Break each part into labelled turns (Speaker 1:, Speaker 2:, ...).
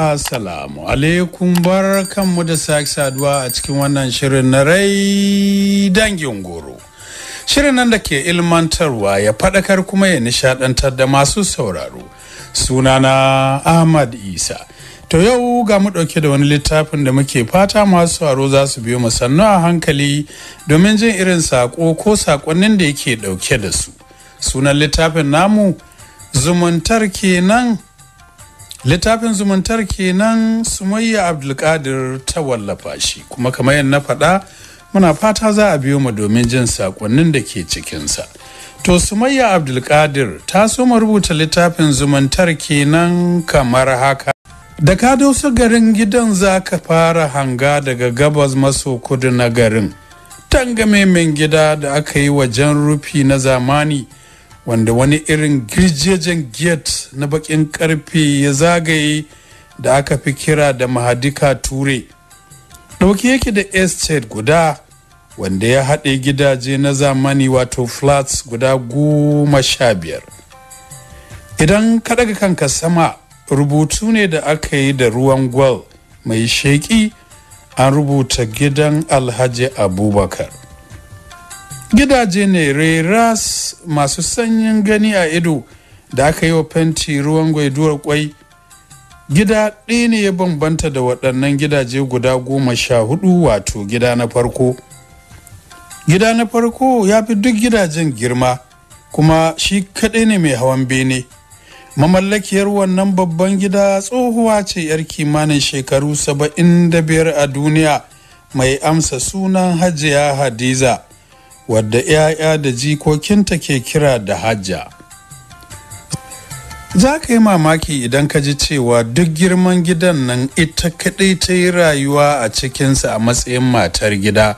Speaker 1: Assalamu alaikum bar kanmu da sake saduwa a cikin wannan shirin na rai dangin goro. Shirin nan da ke ilmantarwa ya faɗakar kuma ya nishaɗantar da masu sauraro. Sunana Ahmad Isa. To yau ga mu ɗauke da wani littafin da muke fata masu sauraro za su biyo sannu a hankali domin jin irin saƙo ko saƙonnin da yake ɗauke da su. Sunan littafin namu zumuntar kenan. littafin zumuntar kenan sumayya abdulkadir ta wallafa shi kuma kamar yadda na faɗa muna fata za a biyo mu domin jin sakonnin da ke cikinsa to sumayya abdulkadir ta soma rubuta littafin zumuntar kenan kamar haka da ka dosa garin gidan za ka fara hanga daga gabas maso kudu na garin tangamemen gida da aka yi wajen rufi na zamani wanda wani irin girjejen gate na bakin karfe ya zagaye da aka fi kira da mahadika ture Ɗauke yake da estate guda wanda ya haɗe gidaje na zamani wato flats guda goma sha biyar idan ka daga kanka sama rubutu ne da aka yi da ruwan gwal mai sheƙi an rubuta gidan alhaji abubakar gidaje ne reras masu sanyin gani a ido da aka yi wa fenti ruwan gwaiduwar kwai gida ɗaya ne ya bambanta da waɗannan gidaje guda goma sha hudu wato gida na farko gida na farko ya fi duk gidajen girma kuma shi kaɗai ne mai hawan bene mamallakiyar wannan babban gida tsohuwa ce 'yar kimanin shekaru saba'in da biyar a duniya mai amsa sunan hajiya hadiza wadda 'ya'ya da jikokinta ke kira da hajja za ka yi mamaki idan ka ji cewa duk girman gidan nan ita kaɗai ta yi rayuwa a cikinsa a matsayin matar gida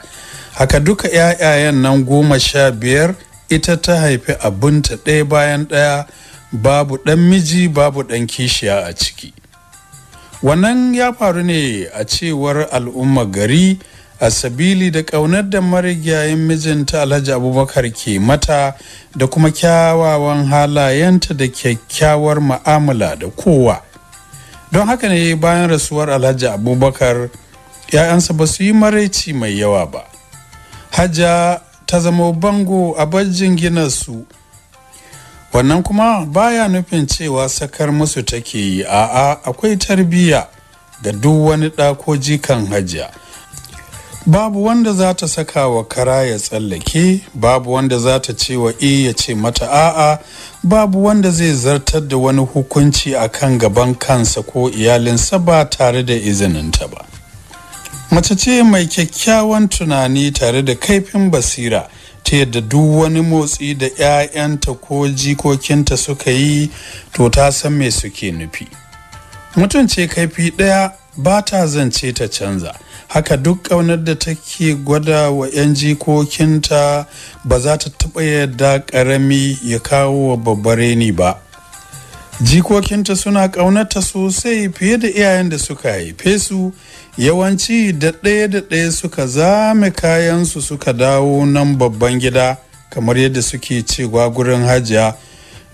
Speaker 1: haka duka 'ya'yayen nan goma sha biyar ita ta haifi abinta ɗaya bayan ɗaya babu ɗan miji babu ɗan kishiya a ciki wannan ya faru ne a cewar al'umma gari a sabili da ƙaunar da marigayen mijinta alhaji abubakar ke mata da kuma kyawawan halayenta da kyakkyawar ma'amala da kowa don haka ne bayan rasuwar alhaji abubakar ‘ya'yansa ba su yi maraici mai yawa ba hajja ta zama bango a bajin gina su wannan kuma baya nufin cewa sakar musu take yi a'a akwai tarbiyya ga duk wani ɗako jikan hajja babu wanda za ta saka wa kara ya tsallake babu wanda za ta ce wa e ya ce mata a'a babu wanda zai zartar da wani hukunci a kan gaban kansa ko iyalinsa ba tare da izininta ba mace ce mai kyakkyawan tunani tare da kaifin basira ta yadda duk wani motsi da 'ya'yanta ko jikokinta suka yi to ta san me suke nufi mutum ce kaifi ɗaya ba ta zance ta canza haka duk ƙaunar da take gwada wa 'yan jikokinta ba za ta taɓa yadda ƙarami ya kawo wa babbare ni ba jikokinta suna ƙaunata sosai fiye da iyayen da suka haife su yawanci da ɗaya da ɗaya suka zame kayansu suka dawo nan babban gida kamar yadda suke cewa gurin hajiya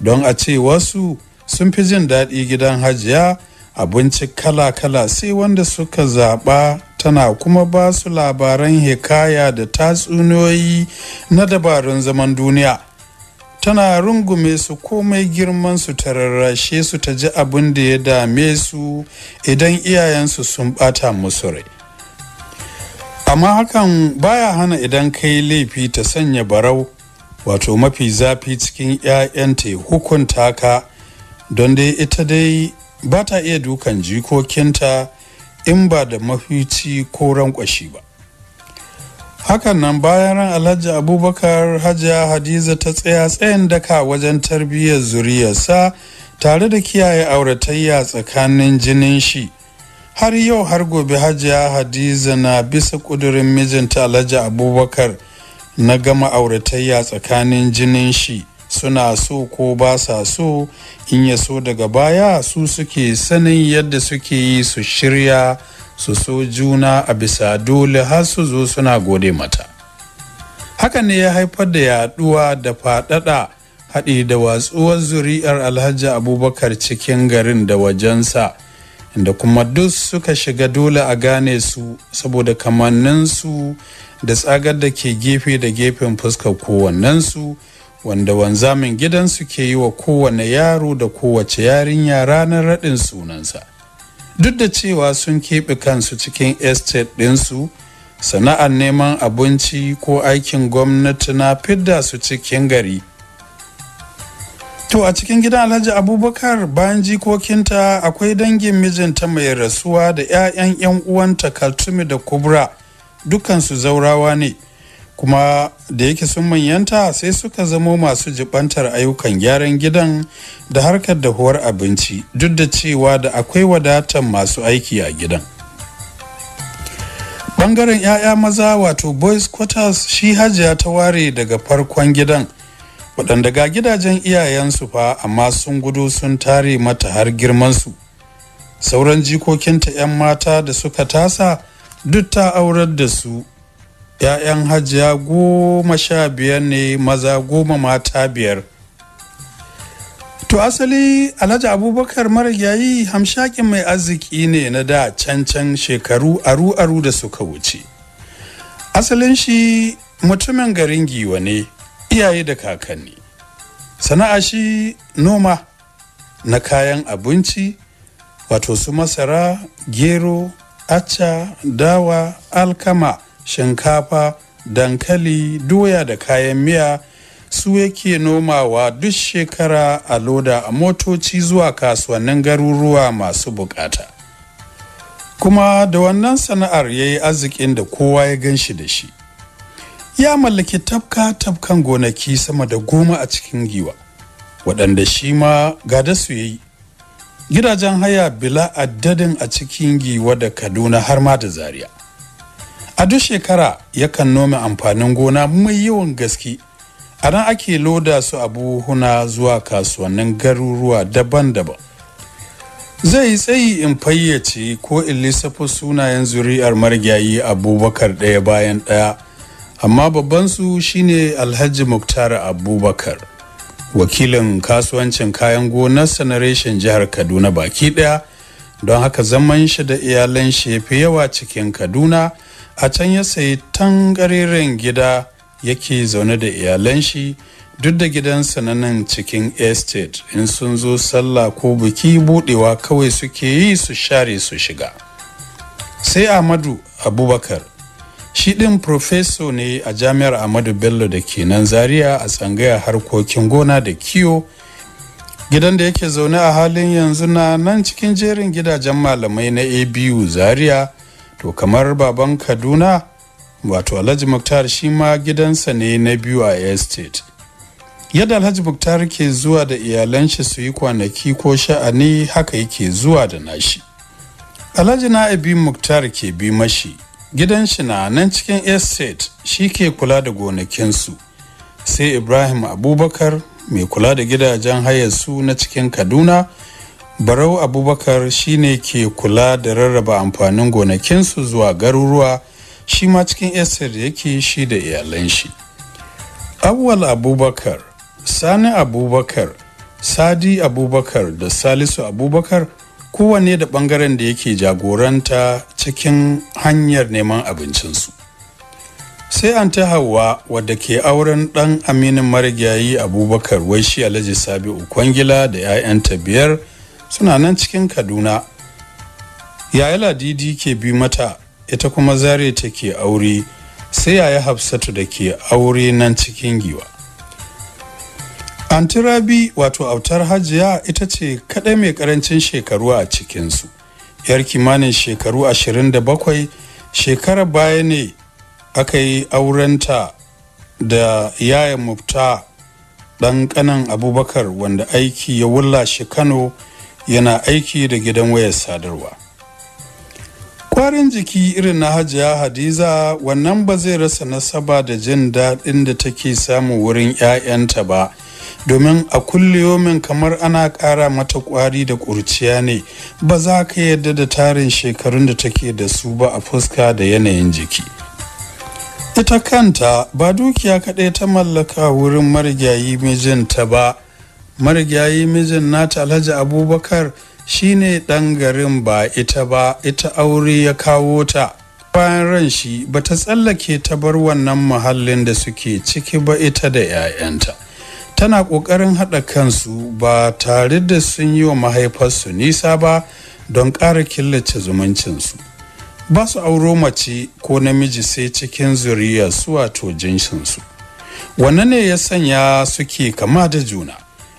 Speaker 1: don a ce wasu sun fi jin daɗi gidan hajiya abinci kala-kala sai wanda suka zaɓa tana kuma ba su labaran hikaya da tatsuniyoyi na dabarun zaman duniya tana rungume su komai girman su tararrashe su ta ji abin da ya dame su idan iyayensu sun bata musu rai amma hakan baya hana idan kai laifi ta sanya barau wato mafi zafi cikin 'ya'yanta hukunta ka don dai ita dai ba ta iya dukan jikokinta in ba da mafici ko rankwashi ba hakan nan bayan ran alhaji abubakar hajiya hadiza ta tsaya tsayin daka wajen tarbiyyar zuriyarsa tare da kiyaye auratayya tsakanin jinin shi har yau har gobe hajiya hadiza na bisa kudurin mijinta alhaji abubakar na gama auratayya tsakanin jinin shi suna so ko ba sa so in ya so daga baya su suke sanin yadda suke yi su shirya su so juna a bisa dole har su zo suna gode mata hakan ne ya haifar da yaduwa da faɗaɗa haɗi da watsuwar zuri'ar alhaji abubakar cikin garin da wajensa da kuma duk suka shiga dole a gane su saboda kamanninsu da tsagar da ke gefe da gefen fuskar kowannensu wanda wanzamin gidansu ke yi wa kowane yaro da kowace yarinya ranar raɗin sunansa duk da cewa sun keɓe kansu cikin estate ɗinsu sana'ar neman abinci ko aikin gwamnati na fidda su cikin gari to a cikin gidan alhaji abubakar bayan jikokinta akwai dangin mijinta mai rasuwa da 'ya'yan 'yan uwanta kaltumi da kubra dukansu zaurawa ne kuma da yake sun manyanta sai suka zamo masu jibantar ayyukan gyaran gidan da harkar dahuwar abinci duk da cewa da akwai wadatan masu aiki a gidan bangaren 'ya'ya maza wato boys quarters shi hajiya ta ware daga farkon gidan waɗanda ga gidajen iyayensu fa amma sun gudu sun tare mata har girmansu sauran jikokinta 'yan mata da suka tasa duk ta aurar da su 'ya'yan hajiya goma sha biyar ne maza goma mata biyar to asali alhaji abubakar marigayi hamshakin mai arziki ne na da cancan shekaru aru-aru da suka wuce asalin shi mutumin garin giwa ne iyaye da kakanni sana'a shi noma na kayan abinci wato su masara gero acca dawa alkama shinkafa dankali doya da kayan miya su yake nomawa duk shekara a loda a motoci zuwa kasuwannin garuruwa masu bukata kuma da wannan sana'ar ya yi arzikin da kowa ya gan shi da shi ya mallaki tafka-tafkan gonaki sama da goma a cikin giwa waɗanda shi ma gada su yi gidajen haya bila addadin a cikin giwa da kaduna har ma da zaria a duk shekara yakan nome amfanin gona mai yawan gaske a nan ake loda su a buhuna zuwa kasuwannin garuruwa daban-daban zai tsayi in fayyace ko in lissafa sunayen zuri'ar marigayi abubakar ɗaya bayan ɗaya amma babbansu shine alhaji muktar abubakar wakilin kasuwancin kayan gona na reshen jihar kaduna baki ɗaya don haka zaman shi da iyalan shi ya fi yawa cikin kaduna a can ya sayi tangaririn gida yake zaune da iyalan shi duk da gidansa na nan cikin estate in sun zo sallah ko biki budewa kawai suke yi su share su shiga sai amadu abubakar shi ɗin profeso ne a jami'ar amadu bello da ke nan zaria a tsangaya harkokin gona da kiyo gidan da yake zaune a halin yanzu na nan cikin jerin gidajen malamai na abu zaria to kamar baban kaduna wato alhaji muktar shi ma gidansa ne na biyu a estate yadda alhaji muktar ke zuwa da iyalan shi su yi kwanaki ko sha'ani haka yake zuwa da nashi alhaji ibi muktar ke bi mashi gidan shi na nan cikin estate shi ke kula da gonakinsu sai ibrahim abubakar mai kula da gidajen hayar su na cikin kaduna barau abubakar shine ke kula da rarraba amfanin gonakinsu zuwa garuruwa shi ma cikin da yake shi da iyalan shi awwal abubakar sani abubakar sadi abubakar da salisu abubakar kowanne da bangaren da yake jagoranta cikin hanyar neman abincinsu sai an ta hawa wadda ke auren ɗan aminin marigayi abubakar wai shi alhaji sabi'u kwangila da 'ya'yanta biyar suna nan cikin kaduna yaya ladidi ke bi mata ita kuma zare take aure sai yaya hafsatu da ke aure nan cikin giwa antirabi wato autar hajiya ita ce kadai mai ƙarancin shekaru a cikinsu yar kimanin shekaru 27 shekara baya ne aka yi aurenta da yaya mufta ɗan ƙanan abubakar wanda aiki ya wulla shi kano yana aiki da gidan wayar sadarwa kwarin jiki irin na hajiya hadiza wannan ba zai rasa nasaba da jin daɗin da take samu wurin 'ya'yanta ba domin a kulliyomin kamar ana ƙara mata ƙwari da ƙurciya ne ba za ka yadda da tarin shekarun da take da su ba a fuska da yanayin jiki ita kanta ba dukiya kaɗai ta mallaka wurin marigayi mijinta ba marigayi mijin nata alhaji abubakar shine ɗan garin ba ita ba ita aure ya kawo ta bayan ran shi ba ta tsallake ta bar wannan muhallin da suke ciki ba ita da 'ya'yanta tana ƙoƙarin haɗa kansu ba tare da sun yi wa mahaifarsu nisa ba don ƙara killace zumuncinsu ba su auro mace ko namiji sai cikin zuriya su wato jinsinsu. wannan ne ya sanya suke kama da juna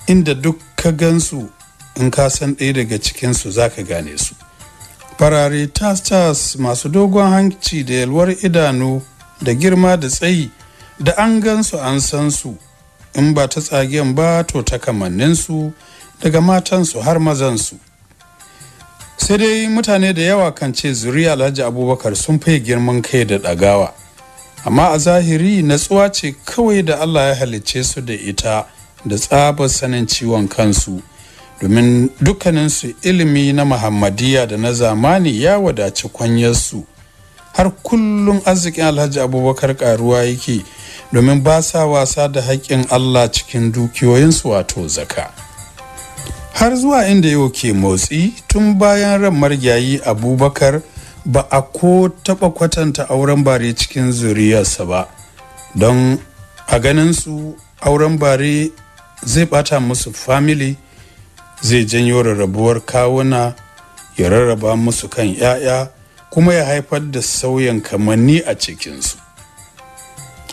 Speaker 1: inda duk ka gansu in ka san ɗaya daga cikinsu za ka gane su farare tas-tas masu dogon hanci da yalwar idanu da girma da tsayi da an gansu an san su in ba ta tsagen ba to ta su daga matansu har mazansu sai dai mutane da yawa kan ce zuriya alhaji abubakar sun fi girman kai da ɗagawa amma a zahiri natsuwa ce kawai da allah ya halicce su da ita da tsabar sanin ciwon kansu domin dukkaninsu ilimi na muhammadiyya da na zamani ya wadaci kwanyarsu har kullum arzikin alhaji abubakar karuwa yake domin ba sa wasa da haƙƙin allah cikin dukiyoyinsu wato zaka har zuwa inda yau ke motsi tun bayan ran margayi abubakar ba a ko taɓa kwatanta auren bare cikin zuriyarsa ba don a ganin su auren bare zai bata musu family zai janyo rarrabuwar kawuna ya rarraba musu kan 'ya'ya kuma ya haifar da sauyin kamanni a cikinsu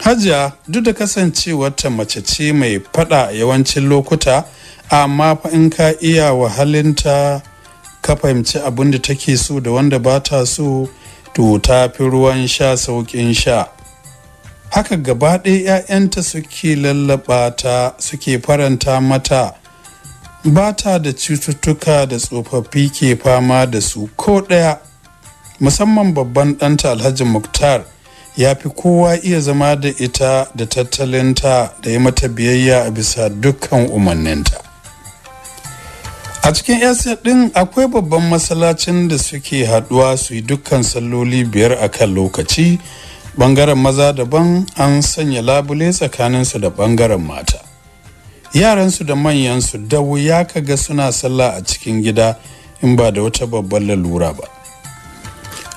Speaker 1: hajiya duk da kasancewarta ta mace ce mai fada yawancin lokuta amma fa in ka iya wahalinta ka fahimci abin da take so da wanda ba ta so to ta fi ruwan sha sauƙin sha haka gaba ɗaya 'ya'yanta suke lallaba ta suke faranta mata ba ta da cututtuka da tsofaffi ke fama da su ko ɗaya musamman babban ɗanta alhaji muktar ya fi kowa iya zama da ita da tattalinta da ya mata biyayya a bisa dukkan umarninta a cikin yasa ɗin akwai babban masalacin da suke haɗuwa su yi dukkan salloli biyar a kan lokaci bangaren maza daban an sanya labule tsakaninsu da bangaren mata yaransu da manyan su da wuya kaga suna sallah a cikin gida in ba da wata babban lalura ba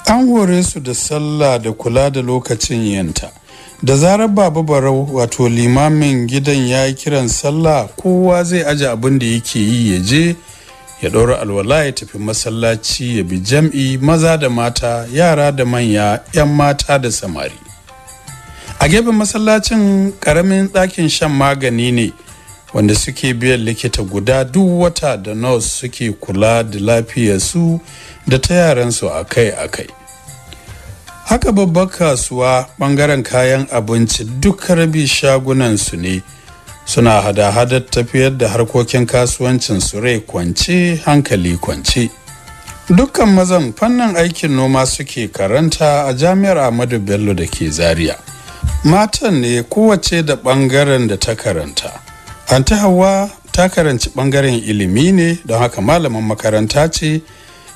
Speaker 1: an hore su da sallah da kula da lokacin yanta da zarar baba barau wato limamin gidan ya yi kiran sallah kowa zai aje abin da yake yi ya je ya ɗora alwala ya tafi masallaci ya bi jam'i maza da mata yara da manya 'yan mata da samari a gefen masallacin ƙaramin ɗakin shan magani ne wanda suke biyan likita guda duk wata da nurse suke kula da lafiyarsu da ta yaransu akai-akai haka babbar kasuwa ɓangaren kayan abinci duk rabi shagunansu ne suna hada-hadar tafiyar da harkokin kasuwancin su rai kwance hankali kwance dukkan mazan fannin aikin noma suke karanta a jami'ar ahmadu bello da ke zaria matan ne kowace da bangaren da ta karanta an ta hawa ta karanci bangaren ilimi ne don haka malaman makaranta ce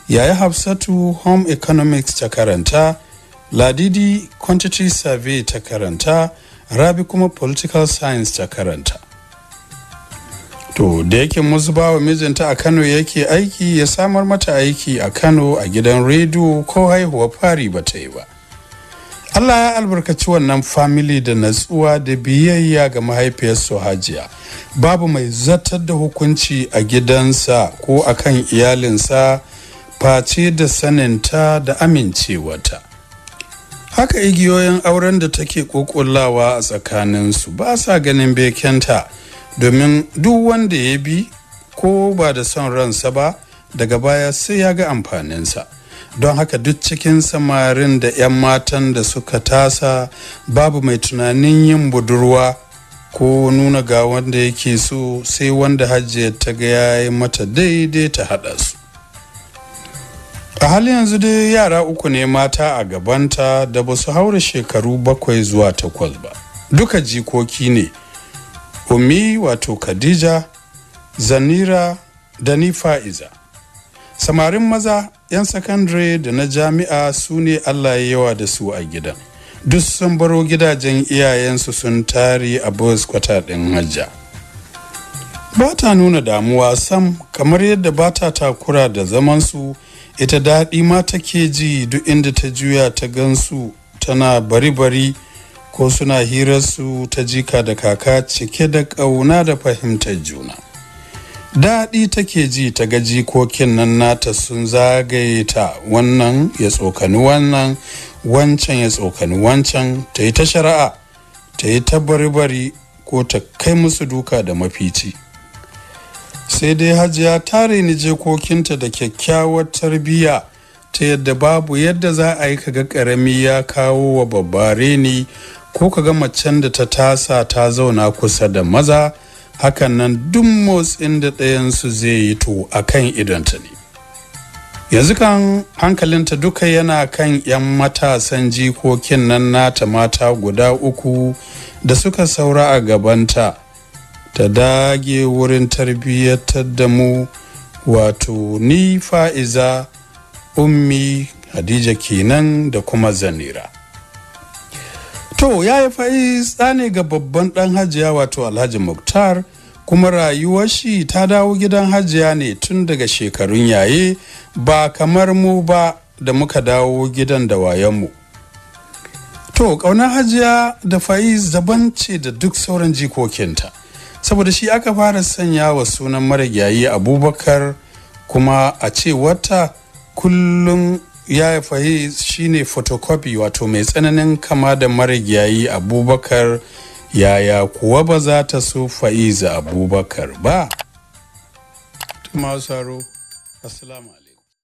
Speaker 1: yayi hafsatu home economics ta karanta ladidi quantity survey ta karanta rabi kuma political science ta karanta to da yake muzubawa mijinta a kano yake aiki ya samar mata aiki a kano a gidan rediyo ko haihuwa fari ba ta yi ba allah ya albarkaci wannan famili da natsuwa da biyayya ga mahaifiyarsu hajiya babu mai zartar da hukunci a gidansa ko akan iyalinsa face da saninta da amincewata. haka igiyoyin auren da take kokullawa a tsakanin su ba sa ganin bekenta domin duk wanda ya bi ko ba da son ransa ba daga baya sai ya ga amfaninsa don haka duk cikin samarin da 'yan matan da suka tasa babu mai tunanin yin budurwa ko nuna ga wanda yake so sai wanda hajjiyar ta ga ya yi mata daidai ta haɗa su a hali yanzu dai yara uku ne mata a gabanta da ba su haura shekaru bakwai zuwa takwas ba duka jikoki ne umi wato khadija zanira da ni fa'iza samarin maza 'yan sakandare da na jami'a su ne allah ya yawa da su a gidan duk sun baro gidajen iyayensu sun tari a bus kwata ɗin hajja ba ta nuna damuwa sam kamar yadda ba ta takura da zamansu ita daɗi ma take ji duk inda ta juya ta gansu tana bari-bari ko suna hirarsu ta jika da kaka cike da ƙauna da fahimtar juna daɗi take ji ta ga jikokin nan nata sun zagaye ta wannan ya tsokani wannan wancan ya tsokani wancan ta yi ta shari'a ta yi ta bari-bari ko ta kai musu duka da mafici sai dai hajiya ta ni jikokinta da kyakkyawar tarbiyya ta yadda babu yadda za a yi kaga karami ya kawo wa babba reni ko kaga macen da ta tasa ta zauna kusa da maza hakan nan duk motsin da ɗayansu zai yi to a kan idanta ne yanzu kan hankalinta duka yana kan 'yan matasan jikokin nan nata mata guda uku da suka saura a gabanta ta dage wurin tarbiyyatar da mu wato ni fa'iza ummi hadija kenan da kuma zanira to ya yi fa'iz ne ga babban ɗan hajiya wato alhaji muktar kuma rayuwar shi ta dawo gidan hajiya ne tun daga shekarun yaye ba kamar mu ba da muka dawo gidan da wayanmu to ƙaunar hajiya da fa'iz daban ce da duk sauran jikokinta saboda shi aka fara sanya wa sunan marigayi abubakar kuma a ce wata kullum ya fahi shine photocopy wato mai tsananin kama da marigayi abubakar yaya kuwa ba za ta so fa'iza abubakar ba. Tumasaro, Assalamu